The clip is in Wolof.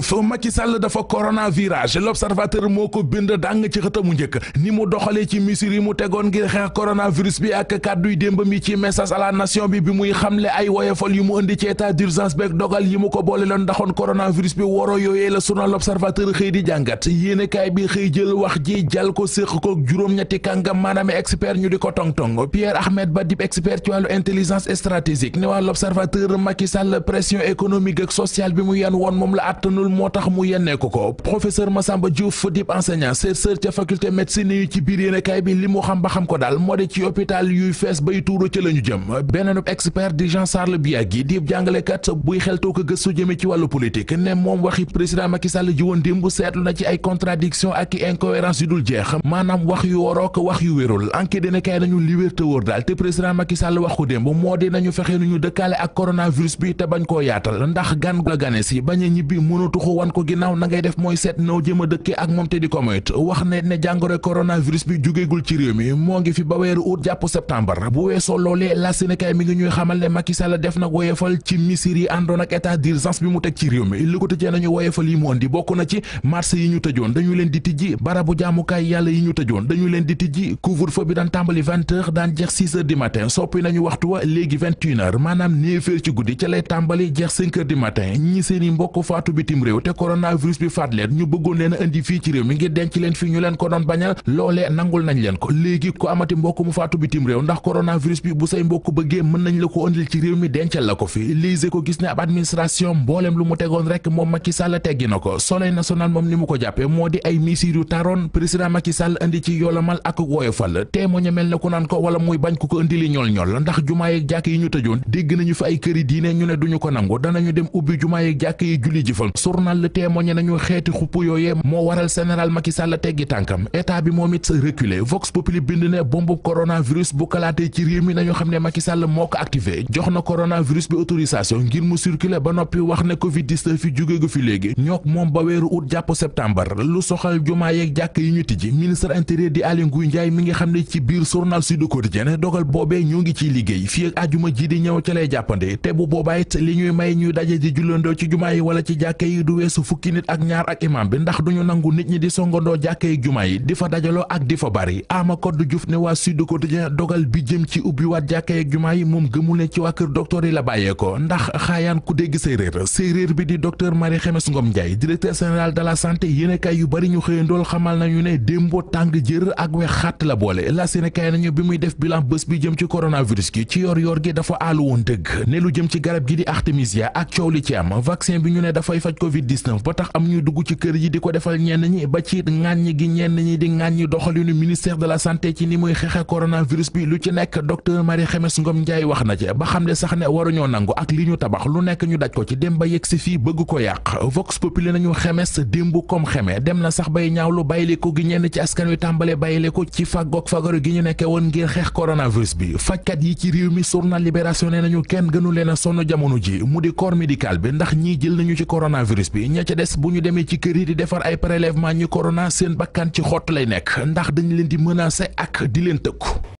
fa Macky Sall dafa corona virage l'observateur moo ko bind dàng ci xëtamu njëkk ni mu doxalee ci mesures yi mu tegoon ngir xeex coronavirus bi ak kàdduy démbam yi ci message à la nation bi bi muy xamle ay woyofal yu mu indi ci état d'urgence beeg dogal yi mu ko boole loon ndaxoon coronavirus bi woro yooyee la suna l'observateur xëy di jàngat yéenekaay bi xëy jël wax ji jal ko séq ko juróom-ñetti kàngam maanaam expert ñu di ko tong-tong Pierre Ahmed Badib expert ci wàllu intelligence stratégique ne waa l'observateur Macky Sall pression économique ak sociale mu yan amul moo tax mu yennee ko ko professeur Massamba Diouf fa dib enseignant chercheur ca faculté médecine yu ci biir yéenekaay bi li mu xam ba xam ko daal moo de ci hôpital yuy fees bay tuuru ca la jëm beneen expert di Jean Charles Biagui dib jàngalekat buy xeltoo ko gëstu jëme ci wàllu politique ne moom waxi président Macky ji woon démb seetlu na ci ay contradiction ak i incohérence yu dul jeex maanaam wax yu worook wax yu wérul enquête dinakaay nañu li wér te wóor daal te président Macky Sall moo di nañu fexe nu ñu dëkkaale ak bi te a wax ne ne jàngoro coronavirus bi jógeegul ci réew mi moo ngi fi ba weeru jàpp septembre bu weesoo loolee la mi ngi ñuy xamal ne Macky Sall def na woyefal ci misir yi àndoon ak état d'urgence bi mu teg ci réew mi li ko nañu woyefal yi mu andi bokk na ci marché yi ñu tëjoon dañu leen di tijji barabu jaamukaay yàlla yi ñu tëjoon dañu leen di tijji couvre-feu bi daan tàmbali daan jeex six heures du matin soppi nañu waxtu wa léegi vingt une réew te coronavirus bi faat leen ñu bëggoon leen a indi fii ci réew mi ngir denc leen fi ñu leen ko doon bañal loolee nangul nañ leen ko léegi ko amati mbokk mu faatu bitim réew ndax coronavirus bi bu say mbokk bëggee mën nañ la ko indil ci réew mi dencal la ko fi lise ko gis ne ab administration mbooleem lu mu tegoon rek moom Macky Sall teggi na ko soleil national moom ni mu ko jàppe moo di ay misir yu taroon président Macky Sall indi ci journal Le Témoin nañu xeeti xupp yooyee moo waral général Macky Sall teggi tànkam état bi moom it reculé Vox Populi bind ne bombu coronavirus bu kalaatee ci réew mi nañu xam ne Macky Sall moo ko jox na coronavirus bi autorisation ngir mu circuler ba noppi wax ne covid fi jóge gu fi léegi ñook moom ba weeru août jàpp septembre lu soxal jumaa yeeg jàkk yi ñu tijji ministre intérieur di Aly Ngouille Ndiaye mi ngi xam ne ci biir journal Sud Quotidien yi du weesu fukki nit ak ñaar ak imam bi ndax duñu nangu nit ñi di songandoo jàkkee juma yi di fa dajaloo ak di fa bari ama kodd Diouf ne waa Sud Quotidien dogal bi jëm ci ubbi waat jàkkee ak juma yi ku dégg bi di docteur Marie Xemes Ngom Ndiaye directeur général de la santé yéenekaay yu bari ñu xëyandool xamal nañu ne démbo tàng jër ak wex xàtt la boole la yéenekaay nañu bi muy def bilan bés bi jëm ci coronavirus gi ci yor yor gi dafa aalu woon dëgg ne jëm gi di artemisia covid 19 ba tax am ñuy dugg ci kër yi di ko defal ñenn ñi ba ci ŋàññ gi ñenn ñi di ŋàññi doxalinu ministère de la santé ci ni muy xeexe coronavirus bi lu ci nekk docteur Marie Xemes Ngom Ndiaye wax na ci ba xam ne sax ne waruñoo nangu ak li ñu tabax lu nekk ñu daj ko ci dem ba yegg fii bëgg ko yàq vox populi nañu xemes démb comme xeme dem na sax bay ñaawlu bàyyileko gi ñenn ci askan wi tàmbale bàyyileko ci fàggoog fagaru gi ñu nekke woon ngir xeex coronavirus bi a sonn coronavirus bi ña ca des bu ñu demee ci kër yi di defar ay prélèvement ñi corona seen bakkan ci xott lay nekk ndax dañu leen di menacer ak di leen tëkku